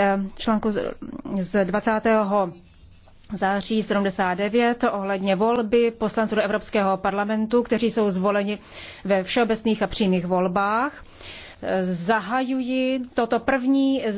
Eh, článku z 20 září 79 ohledně volby poslanců do Evropského parlamentu, kteří jsou zvoleni ve všeobecných a přímých volbách. Eh, zahajuji toto první